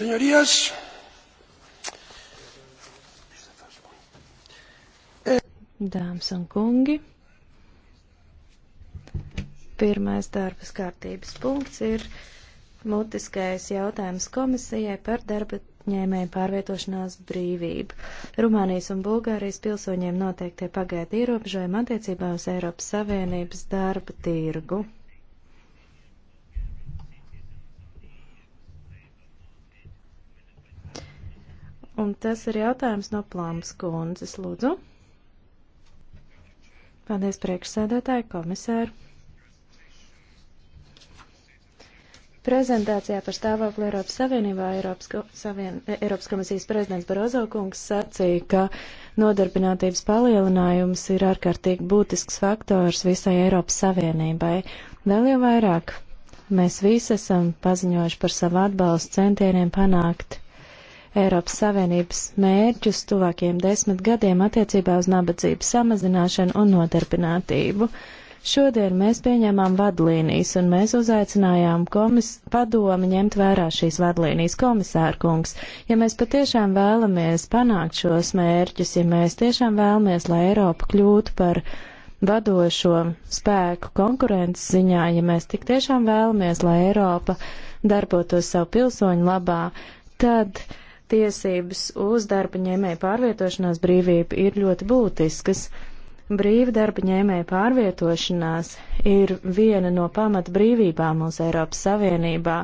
Señorías, Dāmas un kungi, pirmais darbas kārtības punkts ir mutiskais jautājums komisijai par darba ņēmēju pārvietošanās brīvību. Rumānijas un Bulgārijas pilsoņiem noteiktie pagaida ierobežojumi attiecībā uz Eiropas Savienības darba tirgu. Un tas ir jautājums no Plāmas kundzes, lūdzu. Paldies priekšsēdētāji, komisāri. Prezentācijā par stāvokli Eiropas Savienībā Eiropas, ko, Savien, e- Eiropas komisijas prezidents Barozo kungs sacīja, ka nodarbinātības palielinājums ir ārkārtīgi būtisks faktors visai Eiropas Savienībai. Vēl jau vairāk mēs visi esam paziņojuši par savu atbalstu centieniem panākt Eiropas Savienības mērķus tuvākajiem desmit gadiem attiecībā uz nabadzības samazināšanu un nodarbinātību. Šodien mēs pieņēmām vadlīnijas un mēs uzaicinājām komis padomi ņemt vērā šīs vadlīnijas komisārkungs. Ja mēs patiešām vēlamies panākt šos mērķus, ja mēs tiešām vēlamies, lai Eiropa kļūtu par vadošo spēku konkurences ziņā, ja mēs tik tiešām vēlamies, lai Eiropa darbotos savu pilsoņu labā, tad tiesības uz darba ņēmēju pārvietošanās brīvību ir ļoti būtiskas. Brīva darba ņēmēja pārvietošanās ir viena no pamat brīvībām mūsu Eiropas Savienībā,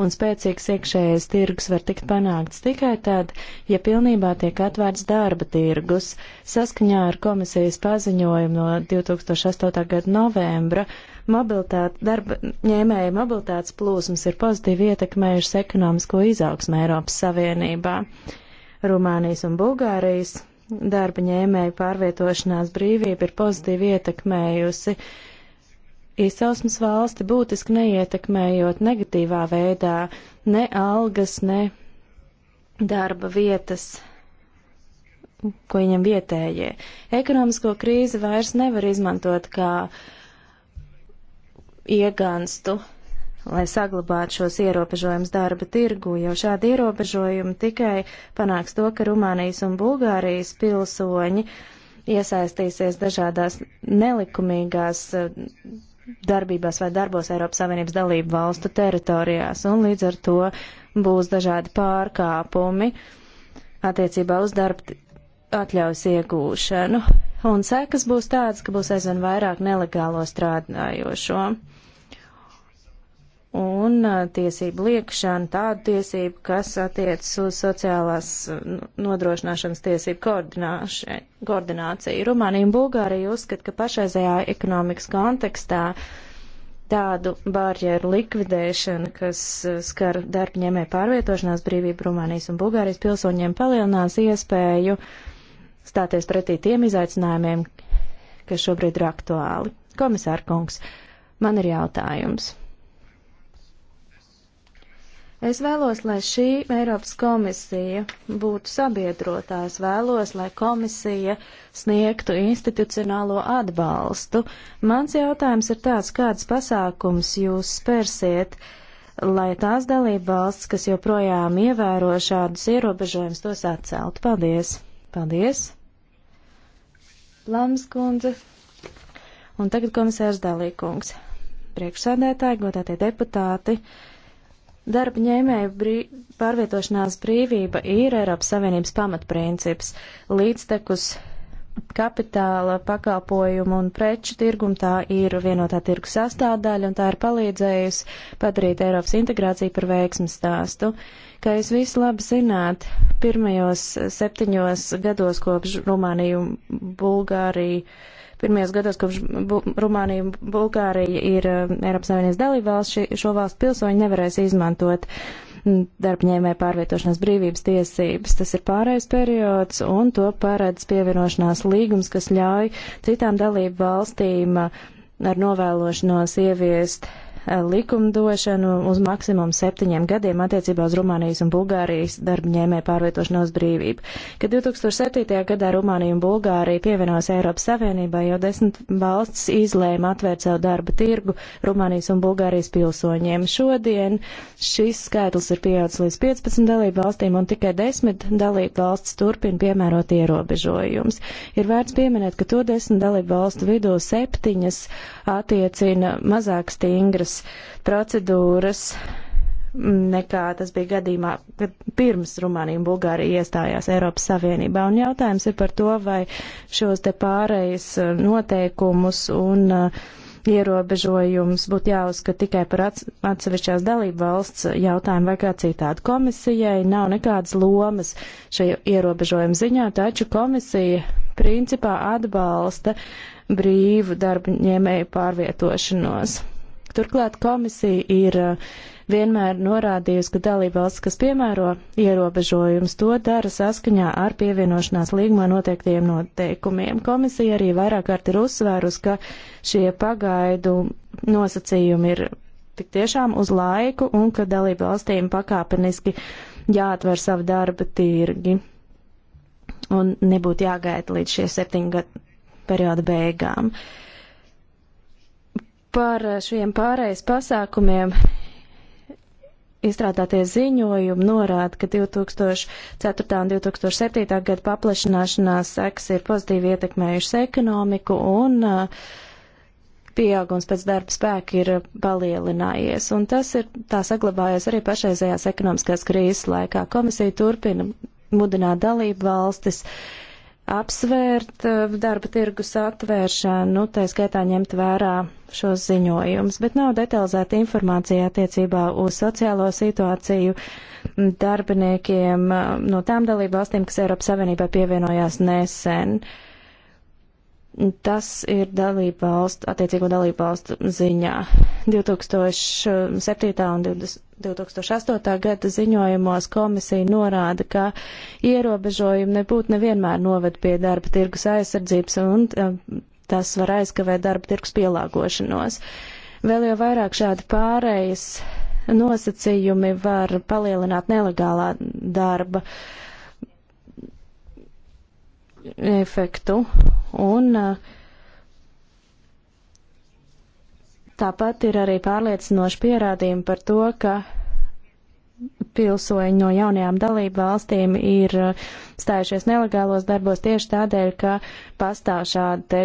un spēcīgs iekšējais tirgus var tikt panākts tikai tad, ja pilnībā tiek atvērts darba tirgus. Saskaņā ar komisijas paziņojumu no 2008. gada novembra Mobilitāt, darba ņēmēja mobilitātes plūsmas ir pozitīvi ietekmējušas ekonomisko izaugsmu Eiropas Savienībā. Rumānijas un Bulgārijas darba ņēmēju pārvietošanās brīvība ir pozitīvi ietekmējusi izcelsmes valsti, būtiski neietekmējot negatīvā veidā ne algas, ne darba vietas ko viņam vietējie. Ekonomisko krīzi vairs nevar izmantot kā uh, ieganstu, lai saglabātu šos ierobežojumus darba tirgu, jo šādi ierobežojumi tikai panāks to, ka Rumānijas un Bulgārijas pilsoņi iesaistīsies dažādās nelikumīgās eh, darbībās vai darbos Eiropas Savienības dalību valstu teritorijās, un līdz ar to būs dažādi pārkāpumi attiecībā uz darba atļaujas iegūšanu. Un sekas būs tādas, ka būs aizvien vairāk nelegālo strādājošo un uh, tiesību liekšana tādu tiesību, kas attiecas uz sociālās uh, nodrošināšanas tiesību koordināciju. Rumānija un Bulgārija uzskata, ka pašreizējā ekonomikas kontekstā tādu barjeru likvidēšana, kas uh, skar darbņēmē pārvietošanās brīvību Rumānijas un Bulgārijas pilsoņiem, palielinās iespēju stāties pretī tiem izaicinājumiem, kas šobrīd ir aktuāli. Komisāra kungs, man ir jautājums. Es vēlos, lai šī Eiropas komisija būtu sabiedrotā. Es vēlos, lai komisija sniegtu institucionālo atbalstu. Mans jautājums ir tāds, kāds pasākums jūs spērsiet, lai tās dalība valsts, kas joprojām ievēro šādus ierobežojumus, tos atcelt. Paldies! Paldies! Lams kundze! Un tagad komisārs Dalīkungs. Priekšsēdētāji, godātie deputāti! Darba ņēmēju brī... pārvietošanās brīvība ir Eiropas Savienības pamatprincips. Līdztekus kapitāla pakalpojumu un preču tirgumu. Tā ir vienotā tirgus sastāvdaļa un tā ir palīdzējusi padarīt Eiropas integrāciju par veiksmu stāstu. Kā jūs visi labi zināt, pirmajos septiņos gados kopš Rumāniju, Bulgāriju, pirmajos gados, kopš Bu Rumānija un Bulgārija ir eh, Eiropas Savienības dalībvalsts, šo valstu pilsoņi nevarēs izmantot darbņēmē pārvietošanās brīvības tiesības. Tas ir pārējais periods, un to paredz pievienošanās līgums, kas ļauj citām dalību valstīm eh, ar novēlošanos ieviest Eh, likumdošanu uz maksimumu septiņiem gadiem attiecībā uz Rumānijas un Bulgārijas darba ņēmēju pārvietošanos brīvību. Kad 2007. gadā Rumānija un Bulgārija pievienojas Eiropas Savienībai, jau desmit valsts izlēma atvērt savu darba tirgu Rumānijas un Bulgārijas pilsoņiem. Šodien šis skaitlis ir pieaudzis līdz 15 dalību valstīm un tikai 10 dalību valsts turpina piemērot ierobežojumus. Ir vērts pieminēt, ka to 10 dalību valstu vidū septiņas attiecina mazāk stingras efektīvas procedūras mm, nekā tas bija gadījumā, kad pirms Rumānija un Bulgārija iestājās Eiropas Savienībā. Un jautājums ir par to, vai šos te pārējas eh, noteikumus un uh, ierobežojums būtu jāuzskata tikai par atsevišķās dalību valsts jautājumu vai kā citādi. Komisijai nav nekādas lomas šajā ierobežojuma ziņā, taču komisija principā atbalsta brīvu darba ņēmēju pārvietošanos. Turklāt komisija ir eh, vienmēr norādījusi, ka dalībvalsts, kas piemēro ierobežojumus, to dara saskaņā ar pievienošanās līgumā noteiktiem noteikumiem. Komisija arī vairāk kārt ir uzsvērus, ka šie pagaidu nosacījumi ir tik tiešām uz laiku un ka dalībvalstīm pakāpeniski jāatver savu darba tirgi un nebūtu jāgaida līdz šie septiņu gadu perioda beigām. Uh, par eh, šiem pārējais pasākumiem izstrādātie ziņojumi norāda, ka 2004. un 2007. gada paplašināšanās seks ir pozitīvi ietekmējušas ekonomiku un eh, pieaugums pēc darba spēka ir palielinājies. Un tas ir tā saglabājies arī pašreizējās ekonomiskās krīzes laikā. Komisija turpina mudināt dalību valstis apsvērt eh, darba tirgus atvēršanu, tā skaitā ņemt vērā šos ziņojumus, bet nav detalizēta informācija attiecībā uz sociālo situāciju darbiniekiem eh, no tām dalību valstīm, kas Eiropas Savienībā pievienojās nesen. Uh, Tas ir dalība valsts, attiecīgo dalību valstu ziņā. 2007. un 20, 2008. gada ziņojumos komisija norāda, ka ierobežojumi nebūtu nevienmēr noved pie darba tirgus aizsardzības un um, tas var aizkavēt darba tirgus pielāgošanos. Vēl jau vairāk šādi pārējas nosacījumi var palielināt nelegālā darba uh, efektu un eh, tāpat ir arī pārliecinoši pierādījumi par to, ka pilsoņi no jaunajām dalību valstīm ir eh, stājušies nelegālos darbos tieši tādēļ, ka pastāv šādi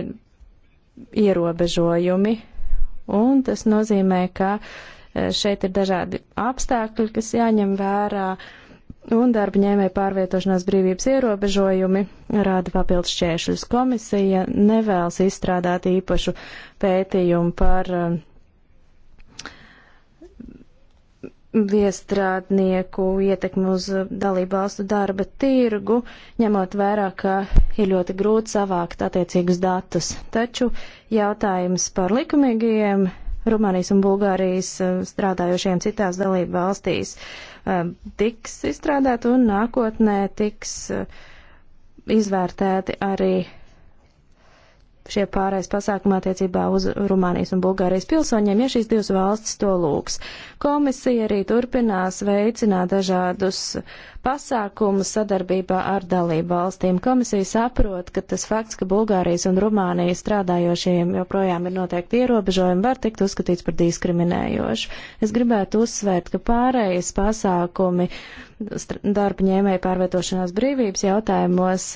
ierobežojumi. Un tas nozīmē, ka eh, šeit ir dažādi apstākļi, kas jāņem vērā. Uh, un darba ņēmēja pārvietošanās brīvības ierobežojumi rāda papildus šķēršļus. Komisija nevēlas izstrādāt īpašu pētījumu par um, viestrādnieku ietekmi uz dalību valstu darba tirgu, ņemot vērā, ka ir ļoti grūti savākt attiecīgus datus. Taču jautājums par likumīgajiem Rumānijas un Bulgārijas eh, strādājošiem citās dalība valstīs eh, tiks izstrādāt un nākotnē tiks eh, izvērtēti arī šie pārējais pasākumi attiecībā uz Rumānijas un Bulgārijas pilsoņiem, ja šīs divas valstis to lūgs. Komisija arī turpinās veicināt dažādus pasākumus sadarbībā ar dalību valstīm. Komisija saprot, ka tas fakts, ka Bulgārijas un Rumānijas strādājošiem joprojām ir noteikti ierobežojumi, var tikt uzskatīts par diskriminējošu. Es gribētu uzsvērt, ka pārējais pasākumi darba ņēmēja pārvietošanās brīvības jautājumos,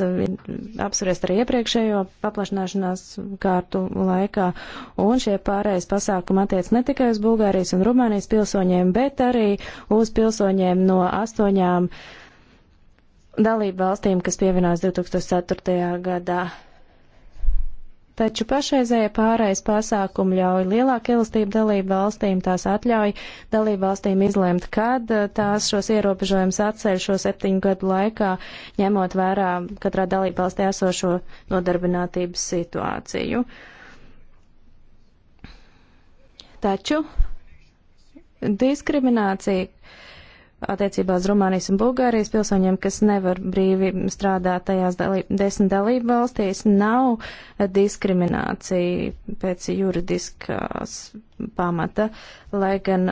apspriest arī iepriekšējo paplašināšanās kārtu laikā, un šie pārējais pasākumi attiec ne tikai uz Bulgārijas un Rumānijas pilsoņiem, bet arī uz pilsoņiem no astoņām dalību valstīm, kas pievienojas 2004. gadā taču pašreizēja pārējais pasākumi ļauj lielāku elastību dalību valstīm, tās atļauj dalību valstīm izlemt, kad eh, tās šos ierobežojumus atceļ šo septiņu gadu laikā, ņemot vērā katrā dalību valstī esošo nodarbinātības situāciju. Taču diskriminācija attiecībā uz Rumānijas un Bulgārijas pilsoņiem, kas nevar brīvi strādāt tajās dalī, desmit dalību valstīs, nav diskriminācija pēc juridiskās pamata, lai gan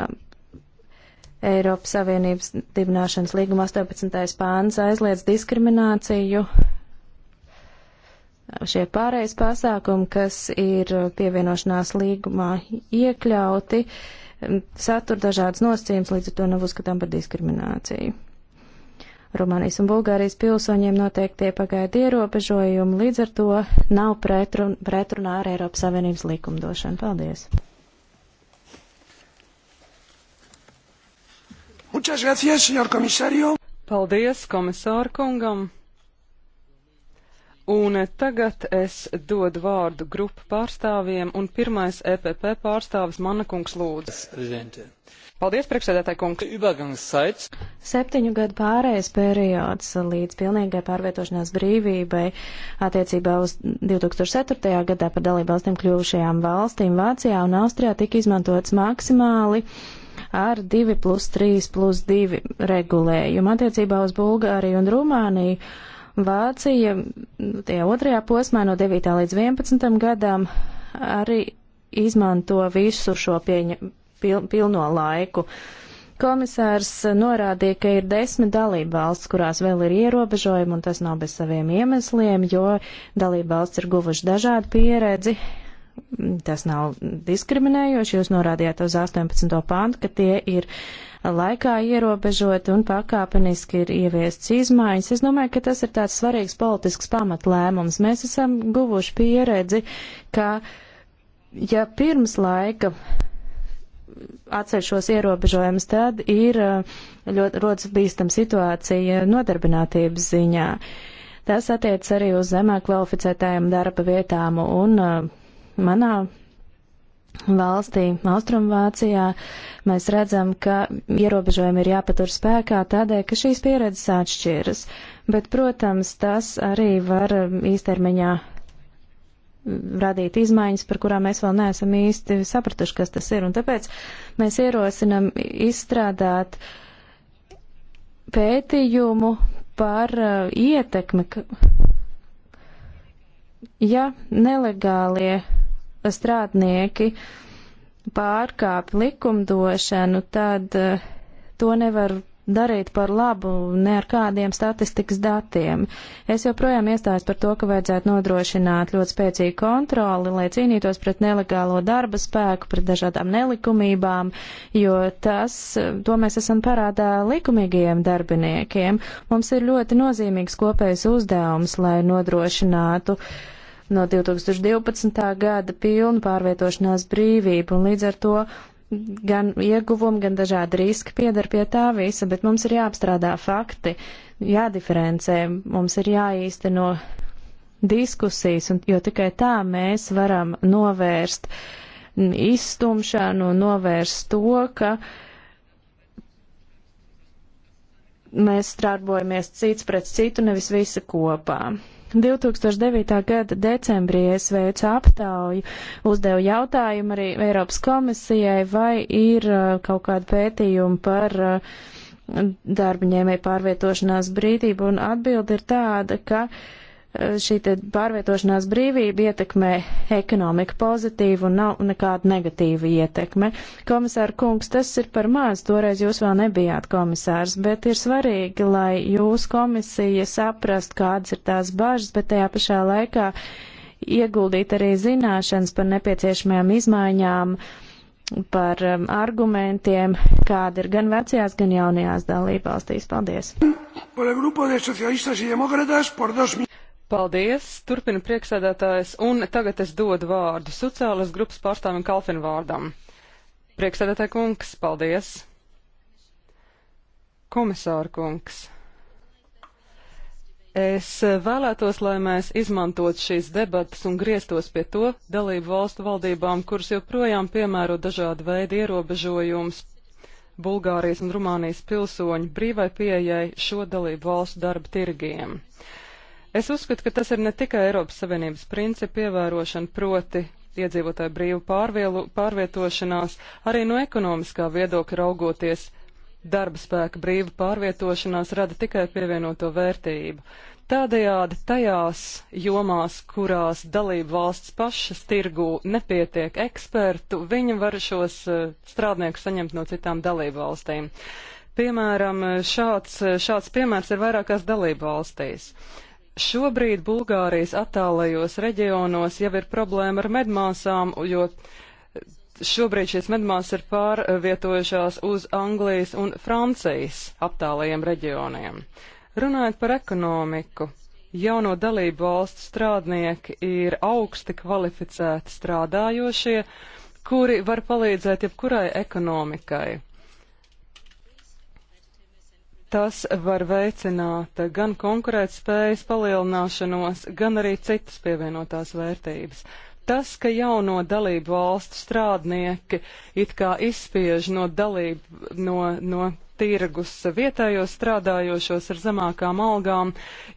Eiropas Savienības dibināšanas līguma 18. pāns aizliedz diskrimināciju. Šie pārējais pasākumi, kas ir pievienošanās līgumā iekļauti, uh, satur dažādas nosacījumus, līdz ar to nav uzskatām par diskrimināciju. Rumānijas un Bulgārijas pilsoņiem noteiktie pagaida ierobežojumi, līdz ar to nav pretrun, pretrunā ar Eiropas Savienības likumdošanu. Paldies! Muchas gracias, señor komisario. Paldies komisārkungam! Un tagad es dodu vārdu grupu pārstāvjiem, un pirmais EPP pārstāvis Manna kungs lūdzu. Paldies, priekšsēdētāji kungs. Septiņu gadu pārējais periods līdz pilnīgai pārvietošanās brīvībai attiecībā uz 2004. gadā par dalību valstīm kļuvušajām valstīm Vācijā un Austrijā tika izmantots maksimāli ar 2 plus 3 plus 2 regulējumu attiecībā uz Bulgāriju un Rumāniju Vācija tajā otrajā posmā no 9. līdz 11. gadam arī izmanto visu šo pieņa, pil, pilno laiku. Komisārs norādīja, ka ir desmit dalība valsts, kurās vēl ir ierobežojumi, un tas nav bez saviem iemesliem, jo dalība valsts ir guvuši dažādu pieredzi. Tas nav diskriminējoši, jūs norādījāt uz 18. pantu, ka tie ir uh, laikā ierobežot un pakāpeniski ir ieviests izmaiņas. Es domāju, ka tas ir tāds svarīgs politisks pamatlēmums. Mēs esam guvuši pieredzi, ka ja pirms laika atsevišķos ierobežojumus, tad ir eh, ļoti rodas bīstam situācija nodarbinātības ziņā. Tas attiec arī uz zemāk kvalificētājiem darba vietām un eh, manā valstī, Austrumvācijā, mēs redzam, ka ierobežojumi ir jāpatur spēkā tādēļ, ka šīs pieredzes atšķiras. Bet, protams, tas arī var īstermiņā radīt izmaiņas, par kurām mēs vēl neesam īsti sapratuši, kas tas ir. Un tāpēc mēs ierosinam izstrādāt pētījumu par uh, ietekmi, ka, ja nelegālie strādnieki pārkāp likumdošanu, tad eh, to nevar darīt par labu ne ar kādiem statistikas datiem. Es joprojām iestājos par to, ka vajadzētu nodrošināt ļoti spēcīgu kontroli, lai cīnītos pret nelegālo darba spēku, pret dažādām nelikumībām, jo tas, to mēs esam parādā likumīgajiem darbiniekiem. Mums ir ļoti nozīmīgs kopējs uzdevums, lai nodrošinātu uh, no 2012. gada pilnu pārvietošanās brīvību, un līdz ar to gan ieguvumi, gan dažādi riski piedar pie tā visa, bet mums ir jāapstrādā fakti, jādiferencē, mums ir jāīsteno diskusijas, un, jo tikai tā mēs varam novērst izstumšanu, novērst to, ka mēs strādājamies cits pret citu, nevis visi kopā. 2009. gada decembrī es veicu aptauju, uzdevu jautājumu arī Eiropas komisijai, vai ir uh, kaut kāda pētījuma par uh, darba ņēmēju pārvietošanās brīvību, un atbildi ir tāda, ka uh, Eh, šī pārvietošanās brīvība ietekmē ekonomiku pozitīvi un nav nekāda negatīva ietekme. Komisāra kungs, tas ir par maz, toreiz jūs vēl nebijāt komisārs, bet ir svarīgi, lai jūs komisija saprast, kādas ir tās bažas, bet tajā pašā laikā ieguldīt arī zināšanas par nepieciešamajām izmaiņām par um, argumentiem, kāda ir gan vecajās, gan jaunajās dalībvalstīs. Paldies! Paldies! Turpina priekšsēdētājs, un tagad es dodu vārdu sociālas grupas pārstāvim Kalfinu vārdam. Priekšsēdētāja kungs, paldies! Komisāra kungs! Es vēlētos, lai mēs izmantot šīs debatas un grieztos pie to dalību valstu valdībām, kuras joprojām piemēro dažādu veidu ierobežojumus Bulgārijas un Rumānijas pilsoņu brīvai pieejai šo dalību valstu darba tirgiem. Es uzskatu, ka tas ir ne tikai Eiropas Savienības principu ievērošana, proti iedzīvotāju brīvu pārvielu, pārvietošanās, arī no ekonomiskā viedokļa raugoties darba spēka brīva pārvietošanās rada tikai pievienoto vērtību. Tādējādi tajās jomās, kurās dalību valsts pašas tirgū nepietiek ekspertu, viņi var šos eh, strādniekus saņemt no citām dalību valstīm. Piemēram, eh, šāds, eh, šāds piemērs ir vairākās dalību valstīs. Uh, Šobrīd Bulgārijas attālajos reģionos jau ir problēma ar medmāsām, jo šobrīd šīs medmās ir pārvietojušās uz Anglijas un Francijas attālajiem reģioniem. Runājot par ekonomiku, jauno dalību valstu strādnieki ir augsti kvalificēti strādājošie, kuri var palīdzēt jebkurai ekonomikai. Tas var veicināt gan konkurētspējas palielināšanos, gan arī citas pievienotās vērtības. Tas, ka jauno dalību valstu strādnieki it kā izspiež no dalību, no, no tirgus vietējos strādājošos ar zemākām algām,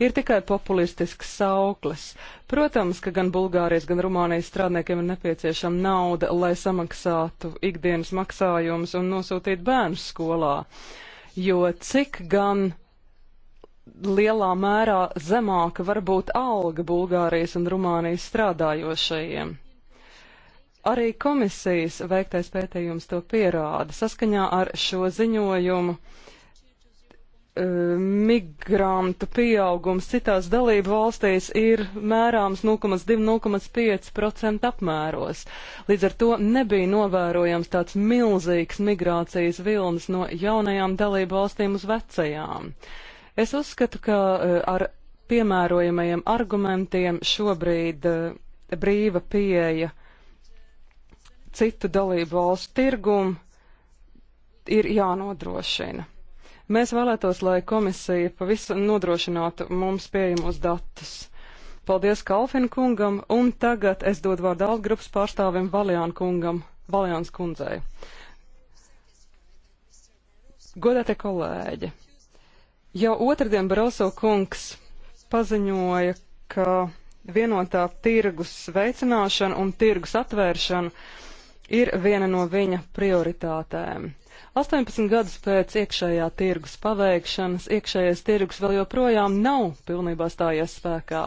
ir tikai populistisks sauklis. Protams, ka gan Bulgārijas, gan Rumānijas strādniekiem ir nepieciešama nauda, lai samaksātu ikdienas maksājumus un nosūtītu bērnus skolā jo cik gan lielā mērā zemāka var būt alga Bulgārijas un Rumānijas strādājošajiem. Arī komisijas veiktais pētījums to pierāda. Saskaņā ar šo ziņojumu uh, E, migrantu pieaugums citās dalību valstīs ir mērāms 0,2-0,5% apmēros. Līdz ar to nebija novērojams tāds milzīgs migrācijas vilnis no jaunajām dalību valstīm uz vecajām. Es uzskatu, ka e, ar piemērojamajiem argumentiem šobrīd e, brīva pieeja citu dalību valstu tirgumu ir jānodrošina. Mēs vēlētos, lai komisija pavisam nodrošinātu mums pieejamos datus. Paldies Kalfin kungam, un tagad es dodu vārdu Altgrupas pārstāvim Valjāna kungam, Valjāns kundzei. Godātie kolēģi, jau otrdien Baroso kungs paziņoja, ka vienotā tirgus veicināšana un tirgus atvēršana ir viena no viņa prioritātēm. 18 gadus pēc iekšējā tirgus paveikšanas iekšējais tirgus vēl joprojām nav pilnībā stājies spēkā.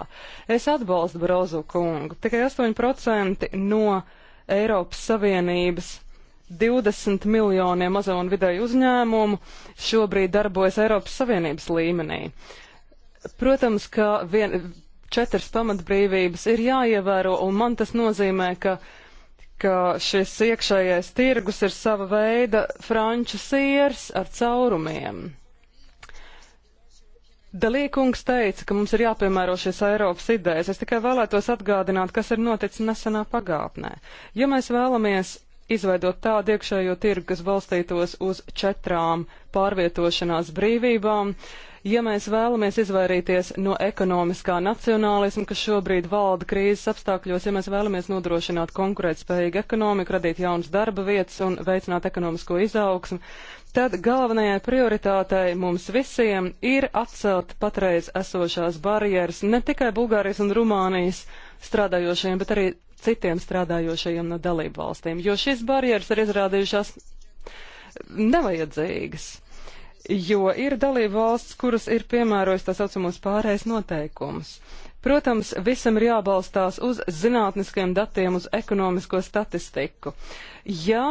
Es atbalstu Brozu kungu. Tikai 8% no Eiropas Savienības 20 miljoniem mazo un vidēju uzņēmumu šobrīd darbojas Eiropas Savienības līmenī. Protams, ka vien, četras pamatbrīvības ir jāievēro, un man tas nozīmē, ka uh, ka šis iekšējais tirgus ir sava veida franču siers ar caurumiem. Dalīkungs teica, ka mums ir jāpiemēro šīs Eiropas idejas. Es tikai vēlētos atgādināt, kas ir noticis nesenā pagātnē. Ja mēs vēlamies izveidot tādu iekšējo tirgu, kas balstītos uz četrām pārvietošanās brīvībām, uh, Ja mēs vēlamies izvairīties no ekonomiskā nacionālisma, kas šobrīd valda krīzes apstākļos, ja mēs vēlamies nodrošināt konkurētspējīgu ekonomiku, radīt jaunas darba vietas un veicināt ekonomisko izaugsmu, tad galvenajai prioritātei mums visiem ir atcelt patreiz esošās barjeras ne tikai Bulgārijas un Rumānijas strādājošajiem, bet arī citiem strādājošajiem no dalību valstīm, jo šīs barjeras ir izrādījušās nevajadzīgas jo ir dalība valsts, kuras ir piemērojis tā saucamos pārējais noteikumus. Protams, visam ir jābalstās uz zinātniskiem datiem, uz ekonomisko statistiku. Ja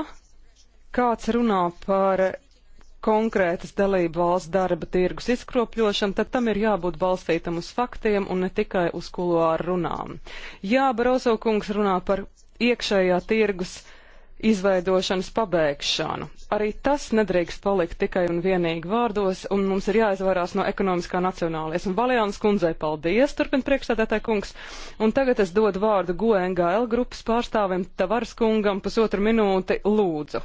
kāds runā par konkrētas dalību valsts darba tirgus izkropļošanu, tad tam ir jābūt balstītam uz faktiem un ne tikai uz kuluāru runām. Jā, Baroso kungs runā par iekšējā tirgus izveidošanas pabeigšanu. Arī tas nedrīkst palikt tikai un vienīgi vārdos, un mums ir jāizvairās no ekonomiskā nacionālais. Un Valjānas kundzei paldies, turpin priekšstādātāji kungs. Un tagad es dodu vārdu GONGL grupas pārstāvim Tavaras kungam pusotru minūti lūdzu.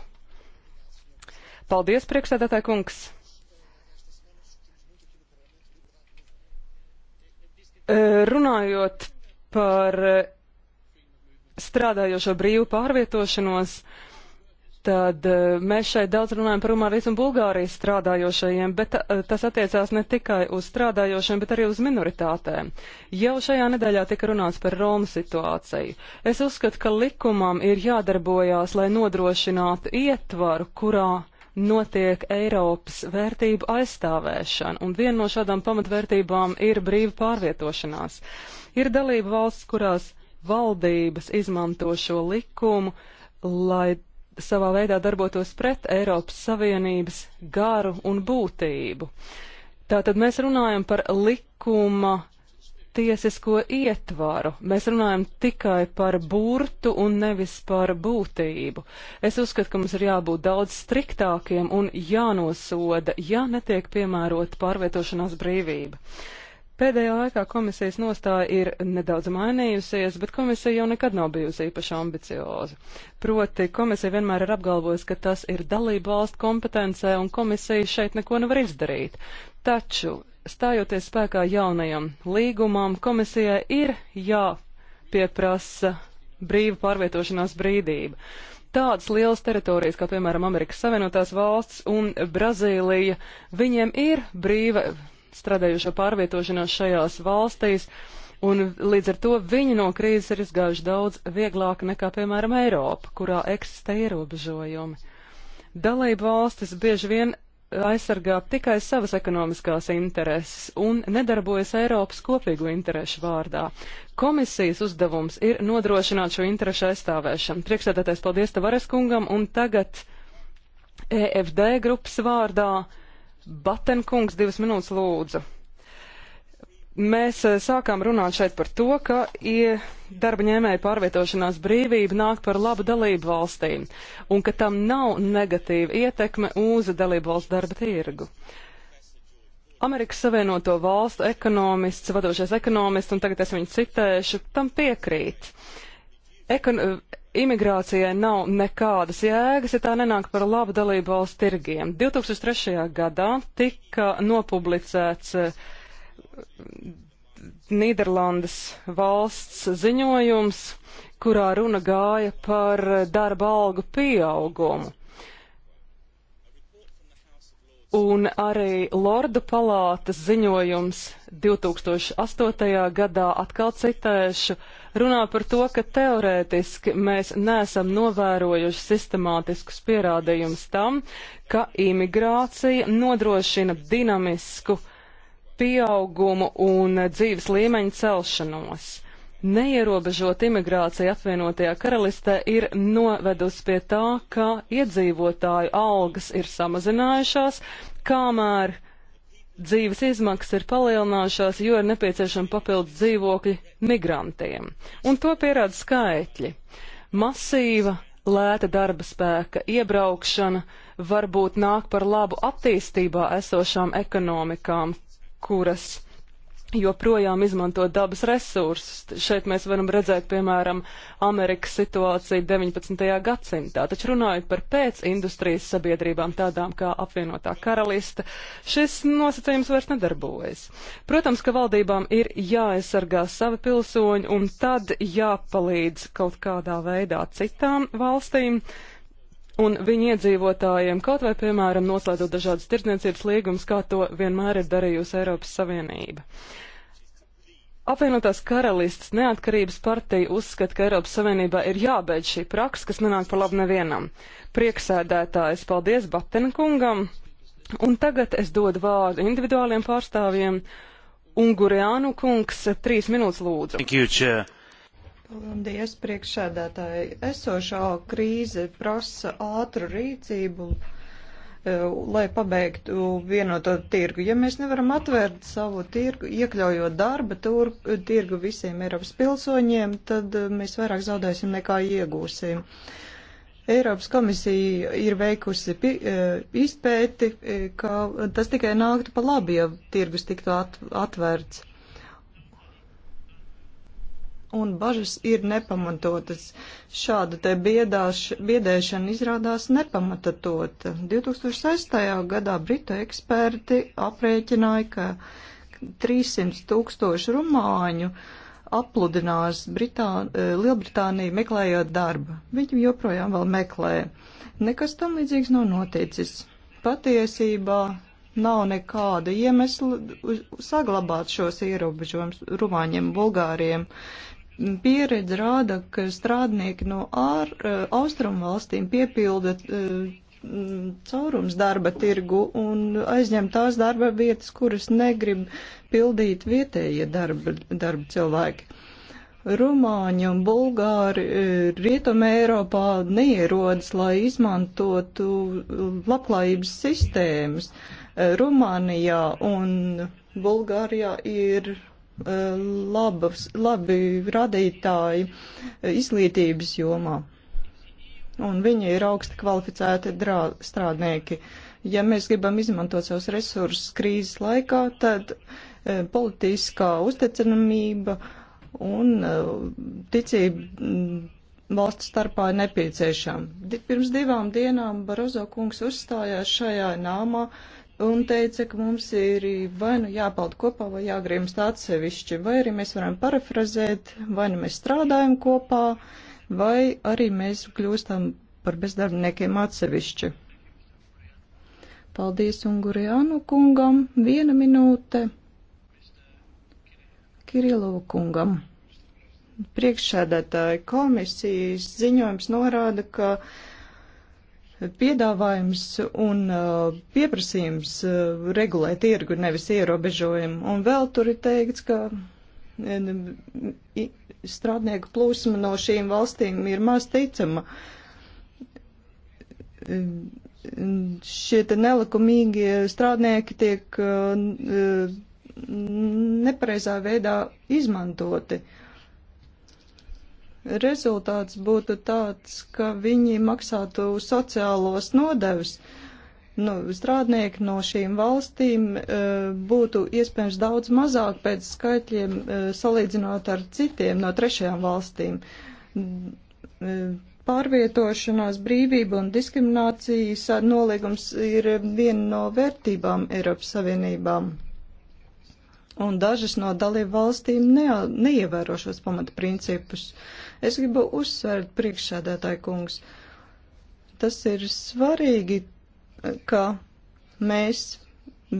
Paldies, priekšstādātāji kungs. Runājot par strādājošo brīvu pārvietošanos, tad e, mēs šeit daudz runājam par Rumānijas un Bulgārijas strādājošajiem, bet e, tas attiecās ne tikai uz strādājošiem, bet arī uz minoritātēm. Jau šajā nedēļā tika runāts par Romu situāciju. Es uzskatu, ka likumam ir jādarbojās, lai nodrošinātu ietvaru, kurā notiek Eiropas vērtību aizstāvēšana, un viena no šādām pamatvērtībām ir brīva pārvietošanās. Ir dalība valsts, kurās valdības izmanto šo likumu, lai savā veidā darbotos pret Eiropas Savienības garu un būtību. Tātad mēs runājam par likuma tiesisko ietvaru. Mēs runājam tikai par burtu un nevis par būtību. Es uzskatu, ka mums ir jābūt daudz striktākiem un jānosoda, ja netiek piemērota pārvietošanās brīvība. Pēdējā laikā komisijas nostāja ir nedaudz mainījusies, bet komisija jau nekad nav bijusi īpaši ambicioza. Proti, komisija vienmēr ir apgalvojusi, ka tas ir dalību valstu kompetencē un komisija šeit neko nevar izdarīt. Taču, stājoties spēkā jaunajam līgumam, komisijai ir jāpieprasa brīva pārvietošanās brīdība tādas lielas teritorijas, kā piemēram Amerikas Savienotās valsts un Brazīlija, viņiem ir brīva strādājušo pārvietošanos šajās valstīs, un līdz ar to viņi no krīzes ir izgājuši daudz vieglāk nekā, piemēram, Eiropa, kurā eksistē ierobežojumi. Dalība valstis bieži vien aizsargā tikai savas ekonomiskās intereses un nedarbojas Eiropas kopīgu interešu vārdā. Komisijas uzdevums ir nodrošināt šo interešu aizstāvēšanu. Priekšsēdētais paldies Tavares kungam un tagad EFD grupas vārdā Batenkungs, divas minūtes lūdzu. Mēs eh, sākām runāt šeit par to, ka ja darba ņēmēja pārvietošanās brīvība nāk par labu dalību valstīm un ka tam nav negatīva ietekme uz dalību valstu darba tirgu. Amerikas Savienoto Valstu ekonomists, vadošais ekonomists, un tagad es viņu citēšu, tam piekrīt. Uh, ekon eh, imigrācijai nav nekādas jēgas, ja tā nenāk par labu dalību valsts tirgiem. 2003. gadā tika nopublicēts eh, Nīderlandes valsts ziņojums, kurā runa gāja par darba algu pieaugumu. Un arī Lordu palātas ziņojums 2008. gadā atkal citēšu runā par to, ka teorētiski mēs neesam novērojuši sistemātiskus pierādījumus tam, ka imigrācija nodrošina dinamisku pieaugumu un dzīves līmeņa celšanos. Neierobežot imigrāciju apvienotajā karalistē ir novedusi pie tā, ka iedzīvotāju algas ir samazinājušās, kamēr dzīves izmaksas ir palielinājušās, jo ir nepieciešama papildus dzīvokļi migrantiem. Un to pierāda skaitļi. Masīva lēta darba spēka iebraukšana varbūt nāk par labu attīstībā esošām ekonomikām, kuras joprojām izmantot dabas resursus. Šeit mēs varam redzēt, piemēram, Amerikas situāciju 19. gadsimtā. Taču runājot par pēcindustrijas sabiedrībām, tādām kā apvienotā karalista, šis nosacījums vairs nedarbojas. Protams, ka valdībām ir jāaizsargā savi pilsoņi un tad jāpalīdz kaut kādā veidā citām valstīm un viņu iedzīvotājiem, kaut vai, piemēram, noslēdzot dažādas tirdzniecības līgumus, kā to vienmēr ir darījusi Eiropas Savienība. Apvienotās karalists neatkarības partija uzskata, ka Eiropas Savienībā ir jābeidz šī praksa, kas nenāk par labu nevienam. Prieksēdētājs, paldies Batena kungam, un tagad es dodu vārdu individuāliem pārstāvjiem. Unguriānu kungs, trīs minūtes lūdzu. Thank you, chair. Paldies, priekšsēdētāji. Esošā krīze prasa ātru rīcību, e, lai pabeigtu vienoto tirgu. Ja mēs nevaram atvērt savu tirgu, iekļaujot darba tur, tirgu visiem Eiropas pilsoņiem, tad e, mēs vairāk zaudēsim nekā iegūsim. Eiropas komisija ir veikusi pi, e, izpēti, ka tas tikai nāktu pa labi, ja tirgus tiktu at, atvērts un bažas ir nepamatotas. Šāda te biedāš, biedēšana izrādās nepamatatota. 2006. gadā britu eksperti aprēķināja, ka 300 tūkstoši rumāņu apludinās Britā, e, Lielbritāniju meklējot darbu. Viņi joprojām vēl meklē. Nekas tam līdzīgs nav noticis. Patiesībā nav nekāda iemesla saglabāt šos ierobežojumus rumāņiem, bulgāriem, pieredze rāda, ka strādnieki no ār, e, austrumu valstīm piepilda e, caurums darba tirgu un aizņem tās darba vietas, kuras negrib pildīt vietējie darba, darba cilvēki. Rumāņi un Bulgāri e, Rietuma Eiropā neierodas, lai izmantotu labklājības sistēmas. Rumānijā un Bulgārijā ir Eh, labas, labi radītāji eh, izglītības jomā. Un viņi ir augsti kvalificēti drā, strādnieki. Ja mēs gribam izmantot savus resursus krīzes laikā, tad e, politiskā uzticamība un e, ticība mm, valsts starpā ir nepieciešama. Di pirms divām dienām Barozo kungs uzstājās šajā nāmā. E, un teica, ka mums ir vai nu jāpald kopā, vai jāgrimst atsevišķi, vai arī mēs varam parafrazēt, vai nu mēs strādājam kopā, vai arī mēs kļūstam par bezdarbniekiem atsevišķi. Paldies Unguriānu kungam, viena minūte. Kirilovu kungam. Priekšsēdētāja komisijas ziņojums norāda, ka uh, piedāvājums un uh, pieprasījums uh, regulē tirgu, nevis ierobežojumu. Un vēl tur ir teikts, ka uh, strādnieku plūsma no šīm valstīm ir maz ticama. Šie te nelikumīgie strādnieki tiek uh, nepareizā veidā izmantoti. Uh, rezultāts būtu tāds, ka viņi maksātu sociālos nodevis. Nu, strādnieki no šīm valstīm e, būtu iespējams daudz mazāk pēc skaitļiem e, salīdzinot ar citiem no trešajām valstīm. E, pārvietošanās brīvība un diskriminācijas noliegums ir viena no vērtībām Eiropas Savienībām. Un dažas no dalību valstīm ne, neievēro šos pamata principus. Uh, Es gribu uzsvērt priekšsēdētāju kungs. Tas ir svarīgi, ka mēs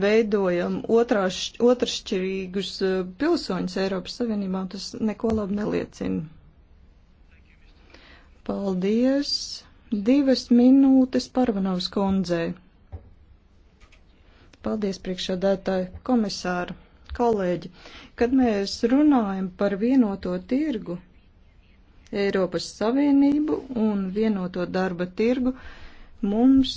veidojam otrās, otršķirīgus eh, pilsoņus Eiropas Savienībā, un tas neko labi neliecina. Paldies! Divas minūtes Parvanovs kundzei. Paldies, priekšādētāji, komisāri, kolēģi. Kad mēs runājam par vienoto tirgu, Eiropas Savienību un vienoto darba tirgu, mums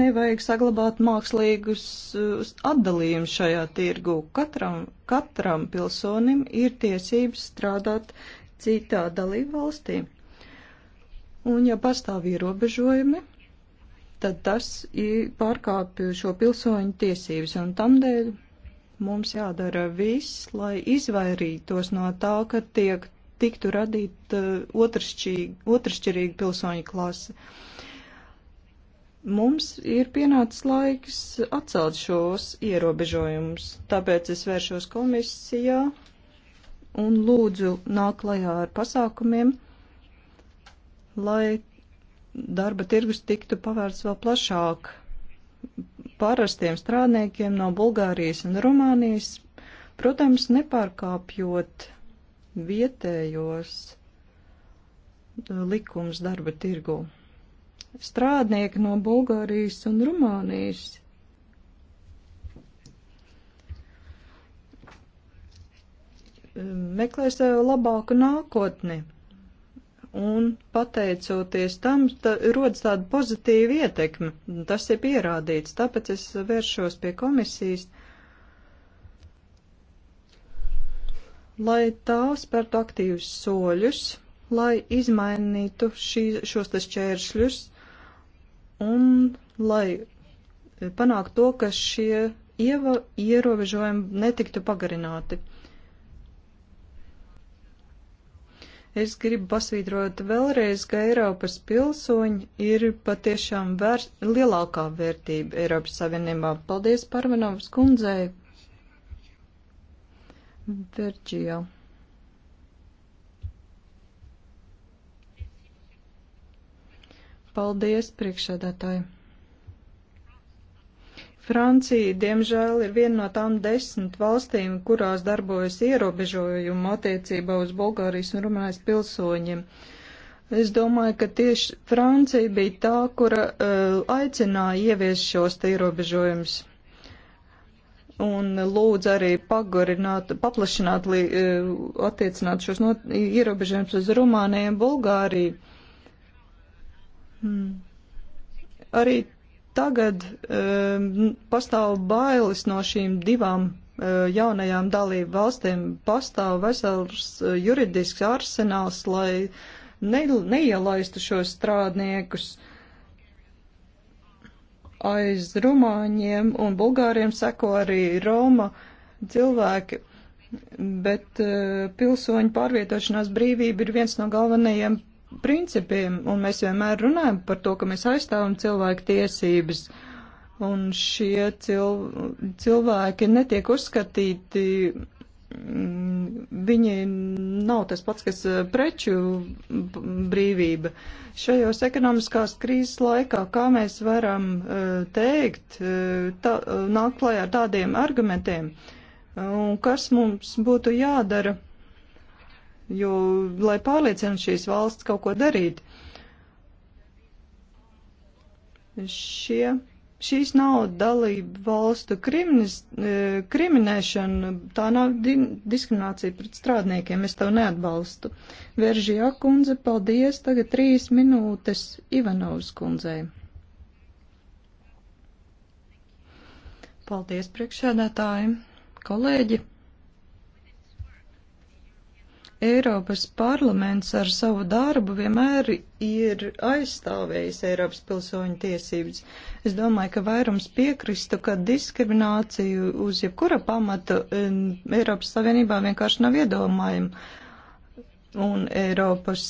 nevajag saglabāt mākslīgus uh, atdalījumus šajā tirgu. Katram, katram pilsonim ir tiesības strādāt citā dalību valstī. Un ja pastāv ierobežojumi, tad tas pārkāpj šo pilsoņu tiesības, un tamdēļ mums jādara viss, lai izvairītos no tā, ka tiek tiktu radīt eh, otršķirīga pilsoņa klase. Mums ir pienācis laiks atcelt šos ierobežojumus, tāpēc es vēršos komisijā un lūdzu nāk klajā ar pasākumiem, lai darba tirgus tiktu pavērts vēl plašāk parastiem strādniekiem no Bulgārijas un Rumānijas, protams, nepārkāpjot vietējos uh, likums darba tirgu. Strādnieki no Bulgārijas un Rumānijas meklē sev labāku nākotni. Un pateicoties tam, ta, rodas tāda pozitīva ietekme. Tas ir pierādīts. Tāpēc es vēršos pie komisijas. Uh, lai tā spērtu aktīvus soļus, lai izmainītu šī, šos tas čēršļus un lai eh, panāktu to, ka šie ieva, ierobežojumi netiktu pagarināti. Es gribu pasvītrot vēlreiz, ka Eiropas pilsoņi ir patiešām vērs, lielākā vērtība Eiropas Savienībā. Paldies Parvanovas kundzei Verģijā. Paldies, priekšsēdētāji. Francija, diemžēl, ir viena no tām desmit valstīm, kurās darbojas ierobežojumu attiecībā uz Bulgārijas un Rumānijas pilsoņiem. Es domāju, ka tieši Francija bija tā, kura uh, aicināja ievies šos ierobežojumus un lūdz arī pagarināt, paplašināt, li, e, attiecināt šos not, ierobežojumus uz Rumāniju un Bulgāriju. Hmm. Arī tagad um, pastāv bailes no šīm divām uh, jaunajām dalību valstīm. Pastāv vesels uh, juridisks arsenāls, lai ne, neielaistu šos strādniekus. Uh, aiz rumāņiem un bulgāriem seko arī Roma cilvēki, bet uh, pilsoņu pārvietošanās brīvība ir viens no galvenajiem principiem, un mēs vienmēr runājam par to, ka mēs aizstāvam cilvēku tiesības. Un šie cil cilvēki netiek uzskatīti Mm, viņi nav tas pats, kas eh, preču brīvība. Šajos ekonomiskās krīzes laikā, kā mēs varam eh, teikt, eh, tā, nāk klājā ar tādiem argumentiem, un kas mums būtu jādara, jo, lai pārliecinātu šīs valsts kaut ko darīt. Šie Šīs nav dalība valstu kriminis, e, kriminēšana, tā nav di diskriminācija pret strādniekiem, es tev neatbalstu. Veržijā kundze, paldies, tagad trīs minūtes Ivanovas kundzei. Paldies priekšsēdētāji, kolēģi! Eiropas parlaments ar savu darbu vienmēr ir aizstāvējis Eiropas pilsoņu tiesības. Es domāju, ka vairums piekristu, ka diskriminācija uz jebkura pamata Eiropas Savienībā vienkārši nav iedomājama. Un Eiropas,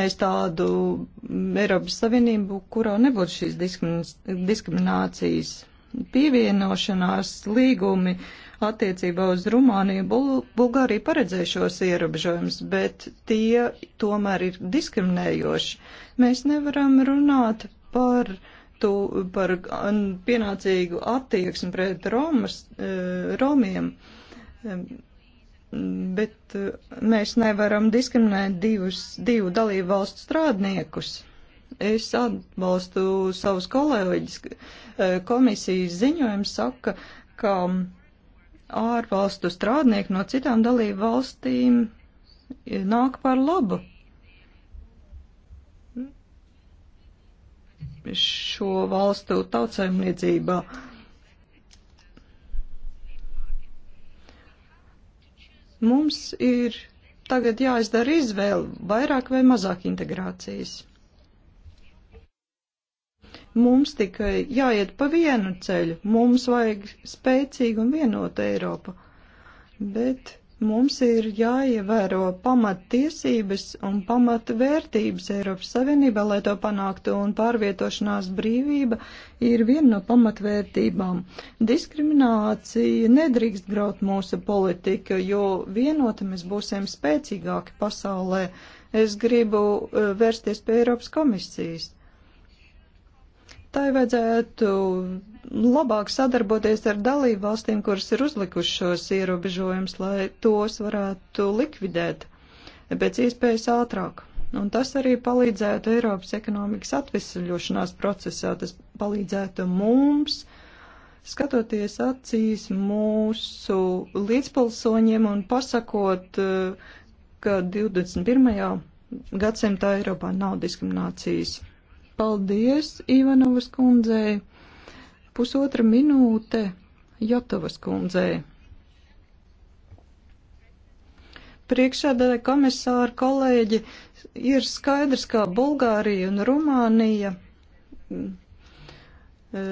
mēs tādu Eiropas Savienību, kurā nebūtu šīs diskriminācijas, pievienošanās līgumi, uh, attiecībā uz Rumāniju, Bul Bulgārija paredzēja šos ierobežojumus, bet tie tomēr ir diskriminējoši. Mēs nevaram runāt par tu, par pienācīgu attieksmi pret Romas, e, Romiem, e, bet e, mēs nevaram diskriminēt divus, divu dalību valstu strādniekus. Es atbalstu savus kolēģis. Komisijas ziņojums saka, ka ārvalstu strādnieki no citām dalību valstīm nāk par labu šo valstu tautsaimniecībā. Mums ir tagad jāizdara izvēle vairāk vai mazāk integrācijas. Mums tikai jāiet pa vienu ceļu. Mums vajag spēcīgu un vienotu Eiropu. Bet mums ir jāievēro pamattiesības un pamatvērtības Eiropas Savienībā, lai to panāktu, un pārvietošanās brīvība ir viena no pamatvērtībām. Diskriminācija nedrīkst graut mūsu politika, jo vienoti mēs būsim spēcīgāki pasaulē. Es gribu eh, vērsties pie Eiropas komisijas tai vajadzētu labāk sadarboties ar dalību valstīm, kuras ir uzlikušos ierobežojums, lai tos varētu likvidēt pēc iespējas ātrāk. Un tas arī palīdzētu Eiropas ekonomikas atvesļošanās procesā, tas palīdzētu mums, skatoties acīs mūsu līdzpilsoņiem un pasakot, ka 21. gadsimtā Eiropā nav diskriminācijas. Paldies Ivanovas kundzei. Pusotra minūte Jotovas kundzei. Priekšādāja komisāra kolēģi ir skaidrs, kā Bulgārija un Rumānija mm, e,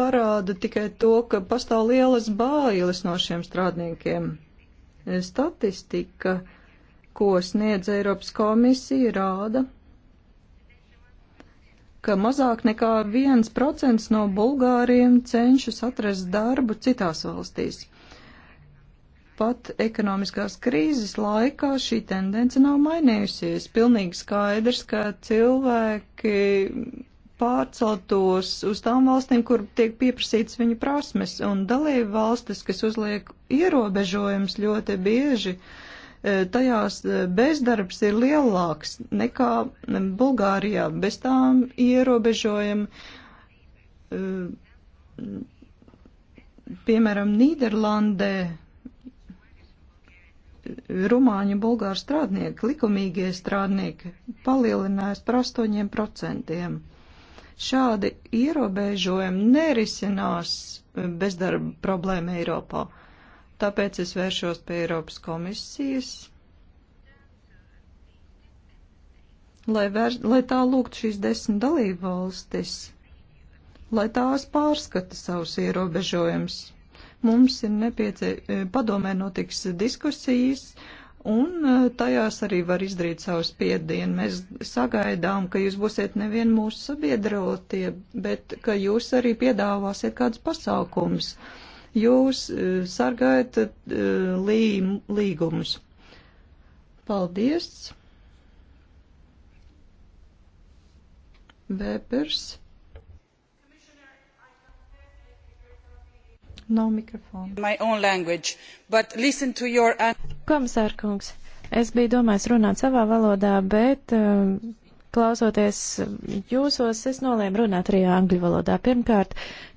parāda tikai to, ka pastāv lielas bāiles no šiem strādniekiem. E, statistika, ko sniedz Eiropas komisija, rāda, ka mazāk nekā 1% no bulgāriem cenšas atrast darbu citās valstīs. Pat ekonomiskās krīzes laikā šī tendence nav mainījusies. Pilnīgi skaidrs, ka cilvēki pārceltos uz tām valstīm, kur tiek pieprasīts viņu prasmes, un dalība valstis, kas uzliek ierobežojums ļoti bieži, uh, tajās eh, bezdarbs ir lielāks nekā eh, Bulgārijā. Bez tām ierobežojam, eh, piemēram, Nīderlandē rumāņu bulgāru strādnieki, likumīgie strādnieki palielinājās par 8%. Šādi ierobežojumi nerisinās bezdarba problēma Eiropā. Uh, Tāpēc es vēršos pie Eiropas komisijas, lai, vēr, lai tā lūgtu šīs desmit dalību valstis, lai tās pārskata savus ierobežojumus. Mums ir nepieciešams, e, padomē notiks diskusijas, un e, tajās arī var izdarīt savu spiedienu. Mēs sagaidām, ka jūs būsiet nevien mūsu sabiedrotie, bet ka jūs arī piedāvāsiet kādus pasākumus. Uh, jūs eh, sargājat eh, lī, līgumus. Paldies! Vēpers. Nav mikrofona. My own language, but listen to your... Komisārkungs, es biju domājis runāt savā valodā, bet uh, Klausoties jūsos, es nolēmu runāt arī angļu valodā. Pirmkārt,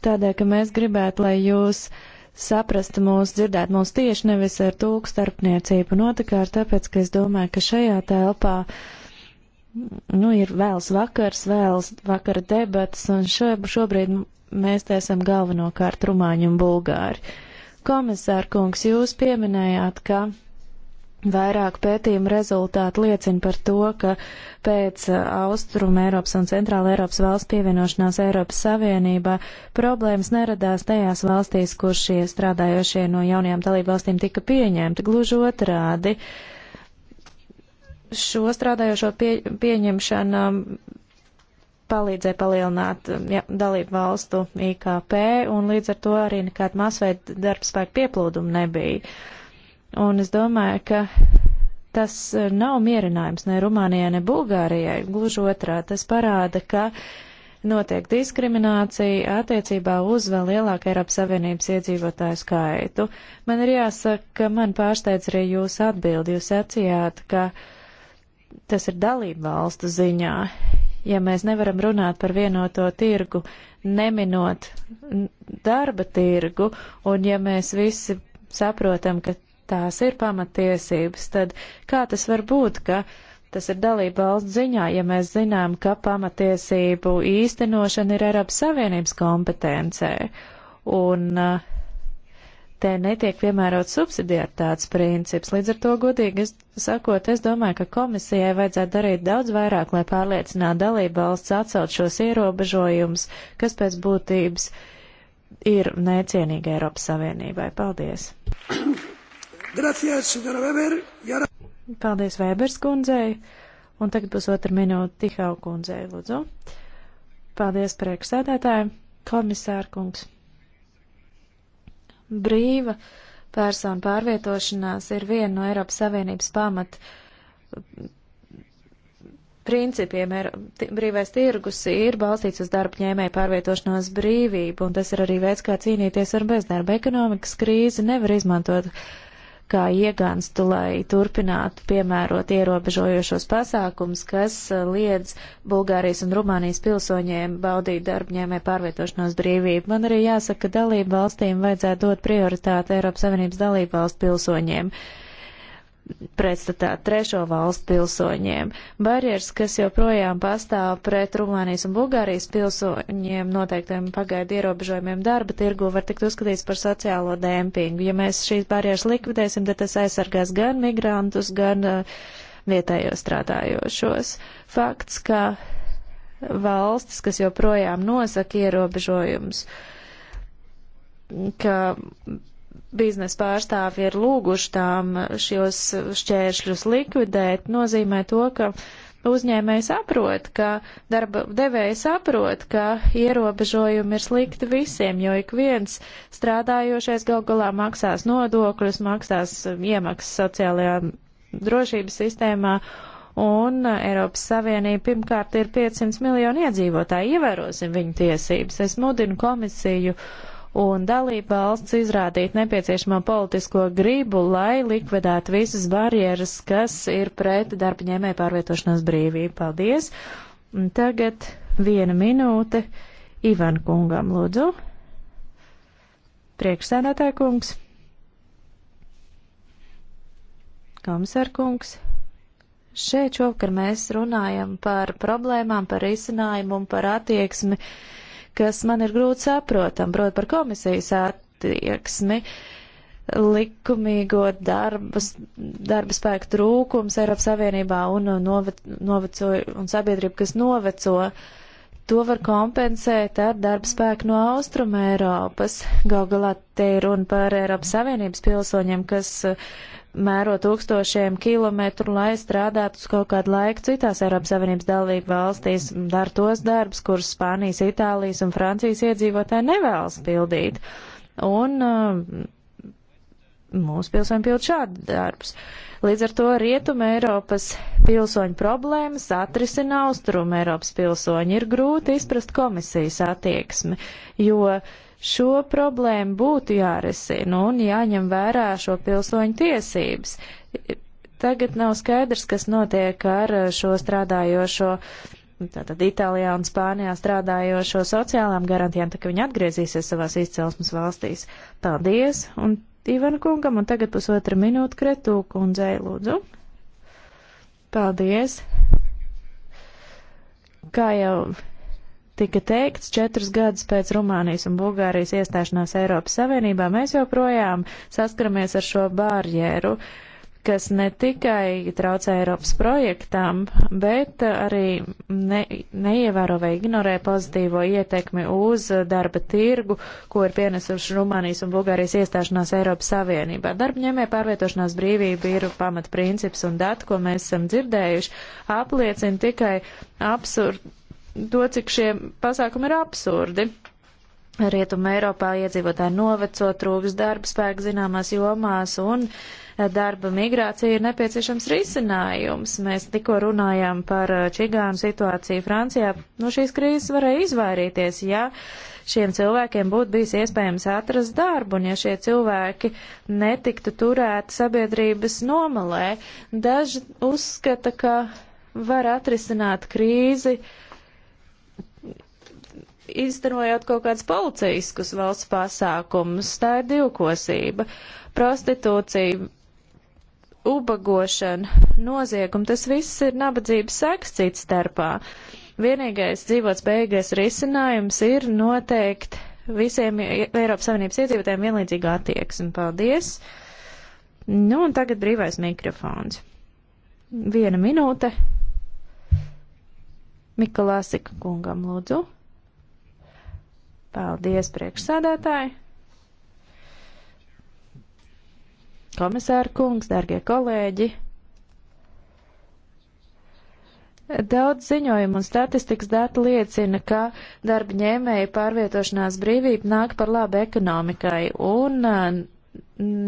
tādēļ, ka mēs gribētu, lai jūs saprastu mūs, dzirdētu mūs tieši nevis ar tūku starpniecību. Notikārt, tāpēc, ka es domāju, ka šajā telpā, nu, ir vēls vakars, vēls vakara debatas, un šo, šobrīd mēs te esam galvenokārt rumāņi un bulgāri. Komisār kungs, jūs pieminējāt, ka Vairāk pētījumu rezultāti liecina par to, ka pēc uh, Austruma Eiropas un Centrāla Eiropas valsts pievienošanās Eiropas Savienībā problēmas neradās tajās valstīs, kur šie strādājošie no jaunajām dalību valstīm tika pieņemti. Gluži otrādi, šo strādājošo pie, pieņemšana palīdzēja palielināt um, ja, dalību valstu IKP un līdz ar to arī nekāda masveida darbspēka pieplūduma nebija. Uh, Un es domāju, ka tas e, nav mierinājums ne Rumānijai, ne Bulgārijai. Gluži otrā, tas parāda, ka notiek diskriminācija attiecībā uz vēl lielāku Eiropas Savienības iedzīvotāju skaitu. Man ir jāsaka, ka man pārsteidz arī jūs atbildi. Jūs sacījāt, ka tas ir dalību valstu ziņā. Ja mēs nevaram runāt par vienoto tirgu, neminot darba tirgu, un ja mēs visi saprotam, ka tās ir pamatiesības, tad kā tas var būt, ka tas ir dalība valsts ziņā, ja mēs zinām, ka pamatiesību īstenošana ir Eiropas Savienības kompetencē? Un uh, te netiek piemērots subsidiartāts princips. Līdz ar to, godīgi es, sakot, es domāju, ka komisijai vajadzētu darīt daudz vairāk, lai pārliecinātu dalību valsts atcelt šos ierobežojumus, kas pēc būtības ir necienīgi Eiropas Savienībai. Paldies! Gracias, Weber. Jara... Paldies Vēbers kundzei, un tagad pusotra minūte Tihau kundzei, lūdzu. Paldies priekšsēdētāji, komisārkungs. Brīva persona pārvietošanās ir viena no Eiropas Savienības pamat principiem. Ir, brīvais tirgus ir balstīts uz darba ņēmēju pārvietošanos brīvību, un tas ir arī veids, kā cīnīties ar bezdarba. Ekonomikas krīzi nevar izmantot kā iegānstu, lai turpinātu piemērot ierobežojošos pasākums, kas uh, liedz Bulgārijas un Rumānijas pilsoņiem baudīt darbņēmē pārvietošanos brīvību. Man arī jāsaka, ka dalību valstīm vajadzētu dot prioritāti Eiropas Savienības dalību valstu pilsoņiem. Uh, pretstatā trešo valstu pilsoņiem. Barjeras, kas joprojām pastāv pret Rumānijas un Bulgārijas pilsoņiem noteiktiem pagaidu ierobežojumiem darba tirgu, var tikt uzskatīts par sociālo dēmpingu. Ja mēs šīs barjeras likvidēsim, tad tas aizsargās gan migrantus, gan uh, vietējos strādājošos. Fakts, ka valstis, kas joprojām nosaka ierobežojumus, ka biznesa pārstāvji ir lūguši tām šos šķēršļus likvidēt, nozīmē to, ka uzņēmēji saprot, ka darba devēji saprot, ka ierobežojumi ir slikti visiem, jo ik viens strādājošais gal galā maksās nodokļus, maksās um, iemaksas sociālajā drošības sistēmā. Un Eiropas Savienība pirmkārt ir 500 miljoni iedzīvotāji. Ievērosim viņu tiesības. Es mudinu komisiju uh, un dalība valsts izrādīt nepieciešamo politisko gribu, lai likvidētu visas barjeras, kas ir pret darba ņēmēju pārvietošanās brīvību. Paldies! Un tagad viena minūte Ivan kungam, lūdzu. Priekšsēdētāja kungs. Komisār kungs. Šeit šovakar mēs runājam par problēmām, par izcinājumu un par attieksmi kas man ir grūti saprotam, proti par komisijas attieksmi, likumīgo darbas, darba spēku trūkums Eiropas Savienībā un, nove, noveco, un sabiedrība, kas noveco. To var kompensēt ar darba spēku no Austruma Eiropas. Gal galā te ir runa par Eiropas Savienības pilsoņiem, kas uh, mēro tūkstošiem kilometru, lai strādātu uz kaut kādu laiku citās Eiropas Savienības dalību valstīs, dar tos darbus, kurus Spānijas, Itālijas un Francijas iedzīvotāji nevēlas pildīt. Un uh, mūsu pilsoņi pild šādu darbus. Līdz ar to rietuma Eiropas pilsoņu problēmas atrisina austruma Eiropas pilsoņi. Ir grūti izprast komisijas attieksmi, jo uh, Šo problēmu būtu jārisina un jāņem vērā šo pilsoņu tiesības. Tagad nav skaidrs, kas notiek ar šo strādājošo, tātad Itālijā un Spānijā strādājošo sociālām garantijām, tā ka viņi atgriezīsies savās izcelsmes valstīs. Paldies! Un Ivana kungam, un tagad pusotra minūte Kretū kundzei, lūdzu. Paldies! Kā jau tika teikts četrus gadus pēc Rumānijas un Bulgārijas iestāšanās Eiropas Savienībā, mēs joprojām saskaramies ar šo barjeru, kas ne tikai traucē Eiropas projektam, bet arī ne, neievēro vai ignorē pozitīvo ietekmi uz darba tirgu, ko ir pienesuši Rumānijas un Bulgārijas iestāšanās Eiropas Savienībā. Darbņēmē pārvietošanās brīvība ir pamatprincips un dati, ko mēs esam dzirdējuši, apliecina tikai absurdu to, cik šie pasākumi ir absurdi. Rietuma Eiropā iedzīvotāji noveco, trūks darba spēku zināmās jomās un eh, darba migrācija ir nepieciešams risinājums. Mēs tikko runājām par eh, čigānu situāciju Francijā. No šīs krīzes varēja izvairīties, ja šiem cilvēkiem būtu bijis iespējams atrast darbu un ja šie cilvēki netiktu turēti sabiedrības nomalē. Daži uzskata, ka var atrisināt krīzi. Uh, iztenojot kaut kāds policijiskus valsts pasākumus. Tā ir divkosība. Prostitūcija, ubagošana, nozieguma, tas viss ir nabadzības seks cits starpā. Vienīgais dzīvots beigais risinājums ir noteikt visiem Eiropas Savienības iedzīvotājiem vienlīdzīgu attieksmi. Paldies! Nu, un tagad brīvais mikrofons. Viena minūte. Mikulāsika kungam lūdzu. Paldies, priekšsēdētāji! Komisāra kungs, dārgie kolēģi! Daudz ziņojumu un statistikas dati liecina, ka darba ņēmēja pārvietošanās brīvība nāk par labu ekonomikai un uh,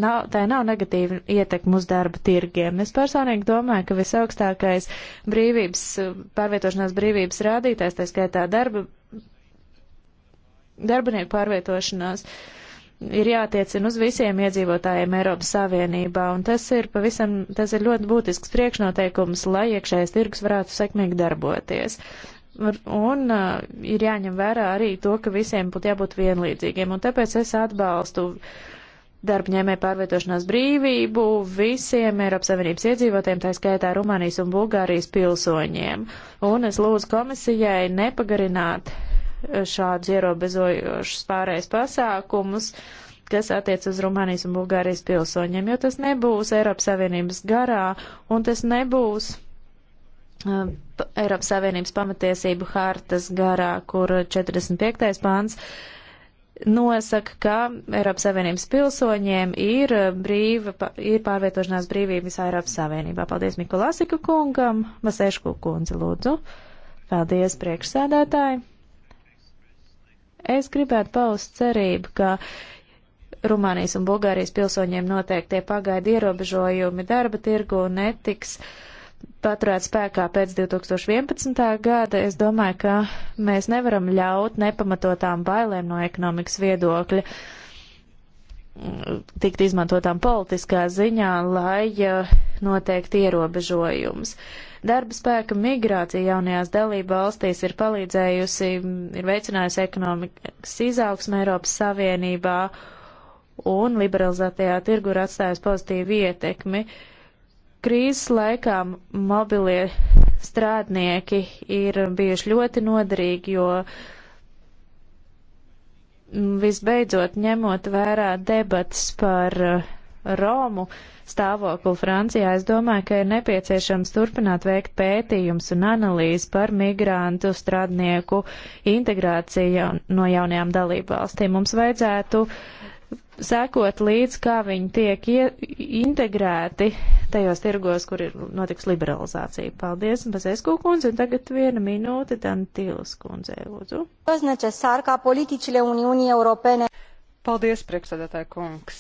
nav, tā nav negatīva ietekma uz darba tirgiem. Es personīgi domāju, ka visaugstākais brīvības, pārvietošanās brīvības rādītājs, tā skaitā darba darbinieku pārvietošanās ir jātiecina uz visiem iedzīvotājiem Eiropas Savienībā, un tas ir pavisam, tas ir ļoti būtisks priekšnoteikums, lai iekšējais tirgus varētu sekmīgi darboties. Un uh, ir jāņem vērā arī to, ka visiem būtu jābūt vienlīdzīgiem, un tāpēc es atbalstu darbņēmē pārvietošanās brīvību visiem Eiropas Savienības iedzīvotiem, tā skaitā Rumānijas un Bulgārijas pilsoņiem. Un es lūdzu komisijai nepagarināt šādus ierobežojošus pārējais pasākumus, kas attiec uz Rumānijas un Bulgārijas pilsoņiem, jo tas nebūs Eiropas Savienības garā un tas nebūs uh, Eiropas Savienības pamatiesību hartas garā, kur 45. pāns nosaka, ka Eiropas Savienības pilsoņiem ir, uh, brīva, ir pārvietošanās brīvība visā Eiropas Savienībā. Paldies Mikulāsiku kungam, Masēšku kundzi lūdzu. Paldies priekšsēdētāji. Es gribētu paust cerību, ka Rumānijas un Bulgārijas pilsoņiem noteiktie pagaidi ierobežojumi darba tirgu netiks paturēt spēkā pēc 2011. gada. Es domāju, ka mēs nevaram ļaut nepamatotām bailēm no ekonomikas viedokļa tikt izmantotām politiskā ziņā, lai eh, noteikti ierobežojums. Uh, Darba spēka migrācija jaunajās dalība valstīs ir palīdzējusi, ir veicinājusi ekonomikas izaugsmu Eiropas Savienībā un liberalizētajā tirgu ir atstājusi pozitīvu ietekmi. Krīzes laikā mobilie strādnieki ir bijuši ļoti noderīgi, jo visbeidzot ņemot vērā debatas par Romu, uh, stāvokli Francijā, es domāju, ka ir nepieciešams turpināt veikt pētījums un analīzi par migrantu strādnieku integrāciju jaun, no jaunajām dalībvalstīm. Mums vajadzētu sekot līdz, kā viņi tiek ie, integrēti tajos tirgos, kur ir notiks liberalizācija. Paldies, Bazesku kundze, un tagad viena minūte Dantīlas kundzei, lūdzu. Paldies, priekšsēdētāja kungs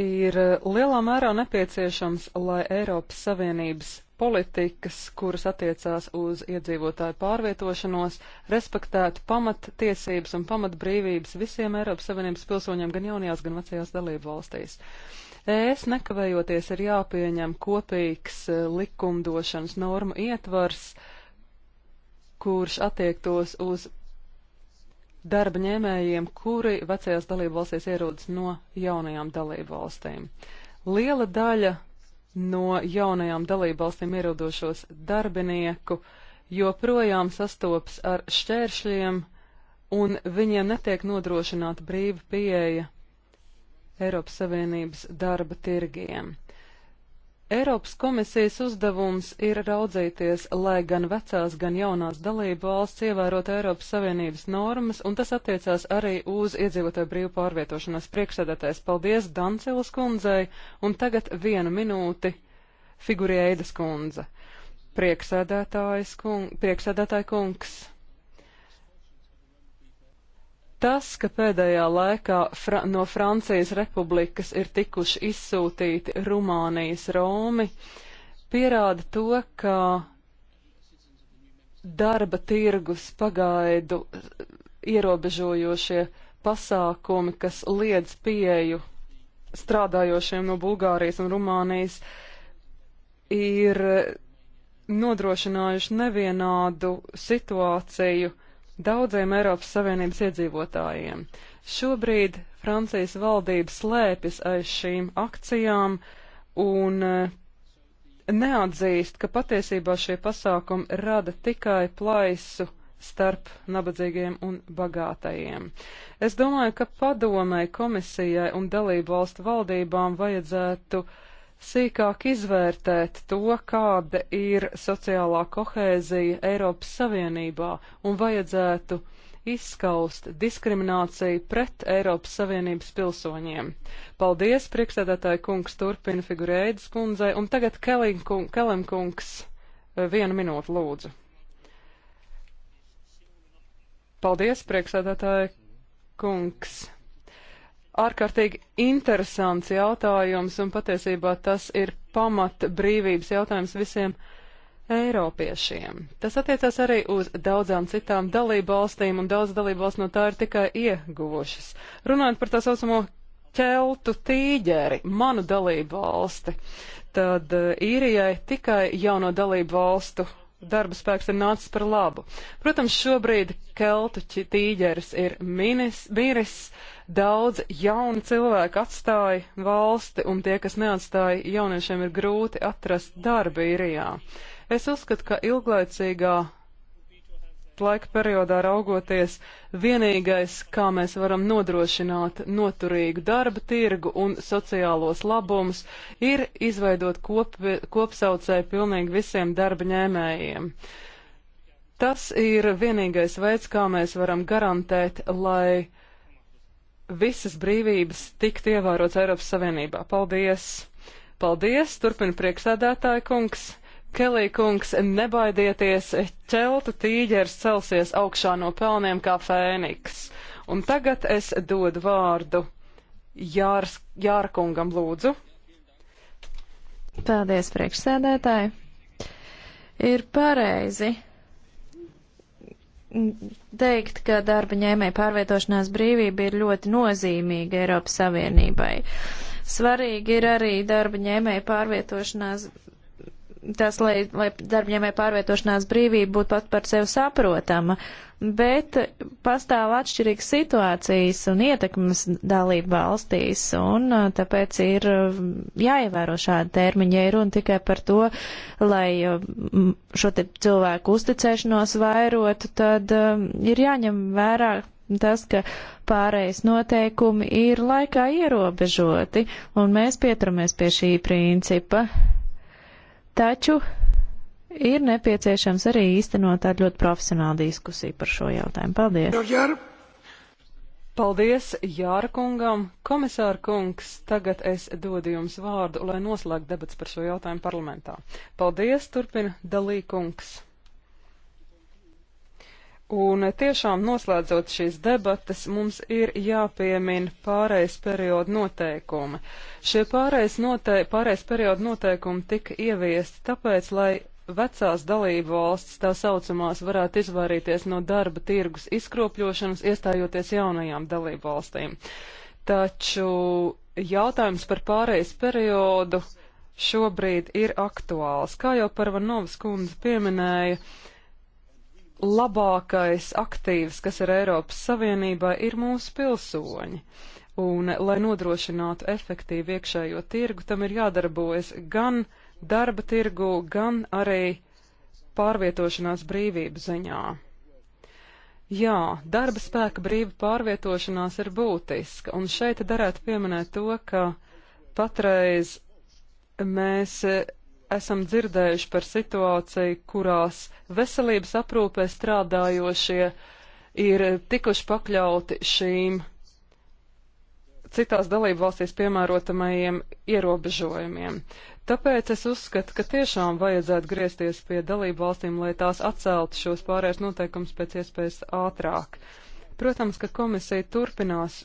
ir eh, lielā mērā nepieciešams, lai Eiropas Savienības politikas, kuras attiecās uz iedzīvotāju pārvietošanos, respektētu pamattiesības un pamatbrīvības visiem Eiropas Savienības pilsoņiem gan jaunajās, gan vecajās dalību valstīs. ES nekavējoties ir jāpieņem kopīgs eh, likumdošanas normu ietvars, kurš attiektos uz darba ņēmējiem, kuri vecajās dalību valstīs ierodas no jaunajām dalību valstīm. Liela daļa no jaunajām dalību valstīm ierodošos darbinieku joprojām sastopas ar šķēršļiem, un viņiem netiek nodrošināta brīva pieeja Eiropas Savienības darba tirgiem. Eiropas komisijas uzdevums ir raudzīties, lai gan vecās, gan jaunās dalību valsts ievērot Eiropas Savienības normas, un tas attiecās arī uz iedzīvotāju brīvu pārvietošanos priekšsēdētājs. Paldies Dancilas kundzei, un tagad vienu minūti figurēidas kundze. Priekšsēdētājs kung, priekšsēdētāja kungs. Tas, ka pēdējā laikā fra no Francijas republikas ir tikuši izsūtīti Rumānijas Romi, pierāda to, ka darba tirgus pagaidu ierobežojošie pasākumi, kas liedz pieeju strādājošiem no Bulgārijas un Rumānijas, ir nodrošinājuši nevienādu situāciju daudziem Eiropas Savienības iedzīvotājiem. Šobrīd Francijas valdība slēpjas aiz šīm akcijām un eh, neatzīst, ka patiesībā šie pasākumi rada tikai plaisu starp nabadzīgiem un bagātajiem. Es domāju, ka padomai, komisijai un dalību valstu valdībām vajadzētu uh, sīkāk izvērtēt to, kāda ir sociālā kohēzija Eiropas Savienībā un vajadzētu izskaust diskrimināciju pret Eiropas Savienības pilsoņiem. Paldies, priekšsēdētāji kungs turpina figurēdas kundzei, un tagad Kelim kung, kungs eh, vienu minūtu lūdzu. Paldies, priekšsēdētāji kungs ārkārtīgi interesants jautājums, un patiesībā tas ir pamat brīvības jautājums visiem Eiropiešiem. Tas attiecās arī uz daudzām citām dalību valstīm, un daudz dalību valsts no tā ir tikai ieguvušas. Runājot par tā saucamo ķeltu tīģeri, manu dalību valsti, tad eh, īrijai tikai jauno dalību valstu darba spēks ir nācis par labu. Protams, šobrīd keltu tīģeris ir minis, miris, Daudz jaunu cilvēku atstāja valsti, un tie, kas neatstāja, jauniešiem ir grūti atrast darbu īrijā. Es uzskatu, ka ilglaicīgā laika periodā raugoties, vienīgais, kā mēs varam nodrošināt noturīgu darba tirgu un sociālos labumus, ir izveidot kop, kopsaucēju pilnīgi visiem darba ņēmējiem. Tas ir vienīgais veids, kā mēs varam garantēt, lai visas brīvības tiktu ievērots Eiropas Savienībā. Paldies! Paldies! Turpina prieksēdētāja kungs. Kelī kungs, nebaidieties, ķeltu tīģeris celsies augšā no pelniem kā fēniks. Un tagad es dodu vārdu Jārs, Jārkungam lūdzu. Paldies, priekšsēdētāji. Ir pareizi teikt, ka darba ņēmēja pārvietošanās brīvība ir ļoti nozīmīga Eiropas Savienībai. Svarīgi ir arī darba ņēmēja pārvietošanās tas, lai, lai darbņēmē pārvietošanās brīvība būtu pat par sevi saprotama, bet pastāv atšķirīgas situācijas un ietekmes dalība valstīs, un uh, tāpēc ir uh, jāievēro šādi termiņi, ja runa tikai par to, lai uh, šo te cilvēku uzticēšanos vairotu, tad um, ir jāņem vērā tas, ka pārējais noteikumi ir laikā ierobežoti, un mēs pieturamies pie šī principa. Taču ir nepieciešams arī īstenot tādu ļoti profesionālu diskusiju par šo jautājumu. Paldies! Paldies Jārkungam! Komisāra kungs, tagad es dodu jums vārdu, lai noslēgtu debats par šo jautājumu parlamentā. Paldies, turpina Dalī kungs! Un tiešām noslēdzot šīs debates, mums ir jāpiemina pārējais periodu noteikumi. Šie pārējais, note pārējais periodu noteikumi tika ieviesti tāpēc, lai vecās dalību valsts tā saucamās varētu izvairīties no darba tirgus izkropļošanas, iestājoties jaunajām dalību valstīm. Taču jautājums par pārejas periodu šobrīd ir aktuāls. Kā jau par Vanovas kundze pieminēja, uh, labākais aktīvs, kas ir Eiropas Savienībā, ir mūsu pilsoņi. Un, lai nodrošinātu efektīvu iekšējo tirgu, tam ir jādarbojas gan darba tirgu, gan arī pārvietošanās brīvību ziņā. Jā, darba spēka brīva pārvietošanās ir būtiska, un šeit darētu pieminēt to, ka patreiz mēs esam dzirdējuši par situāciju, kurās veselības aprūpē strādājošie ir tikuši pakļauti šīm citās dalību valstīs piemērotamajiem ierobežojumiem. Tāpēc es uzskatu, ka tiešām vajadzētu griezties pie dalību valstīm, lai tās atceltu šos pārējais noteikums pēc iespējas ātrāk. Protams, ka komisija turpinās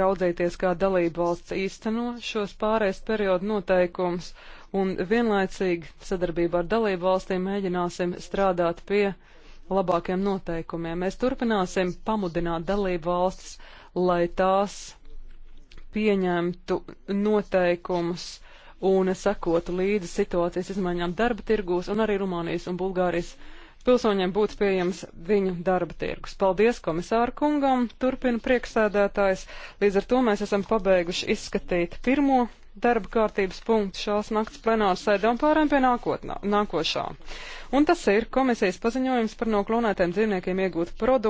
raudzīties, kā dalību valsts īsteno šos pārējais periodu noteikums, uh, un vienlaicīgi sadarbībā ar dalību valstīm mēģināsim strādāt pie labākiem noteikumiem. Mēs turpināsim pamudināt dalību valstis, lai tās pieņemtu noteikumus un sekotu līdzi situācijas izmaiņām darba tirgūs un arī Rumānijas un Bulgārijas pilsoņiem būtu pieejams viņu darba tirgus. Paldies komisāru kungam, turpina priekšsēdētājs. Līdz ar to mēs esam pabeiguši izskatīt pirmo darba kārtības punktu šās naktas plenāru sēdē un pārējām pie nākotnā, nākošā. Un tas ir komisijas paziņojums par no klonētiem dzīvniekiem iegūtu produktu.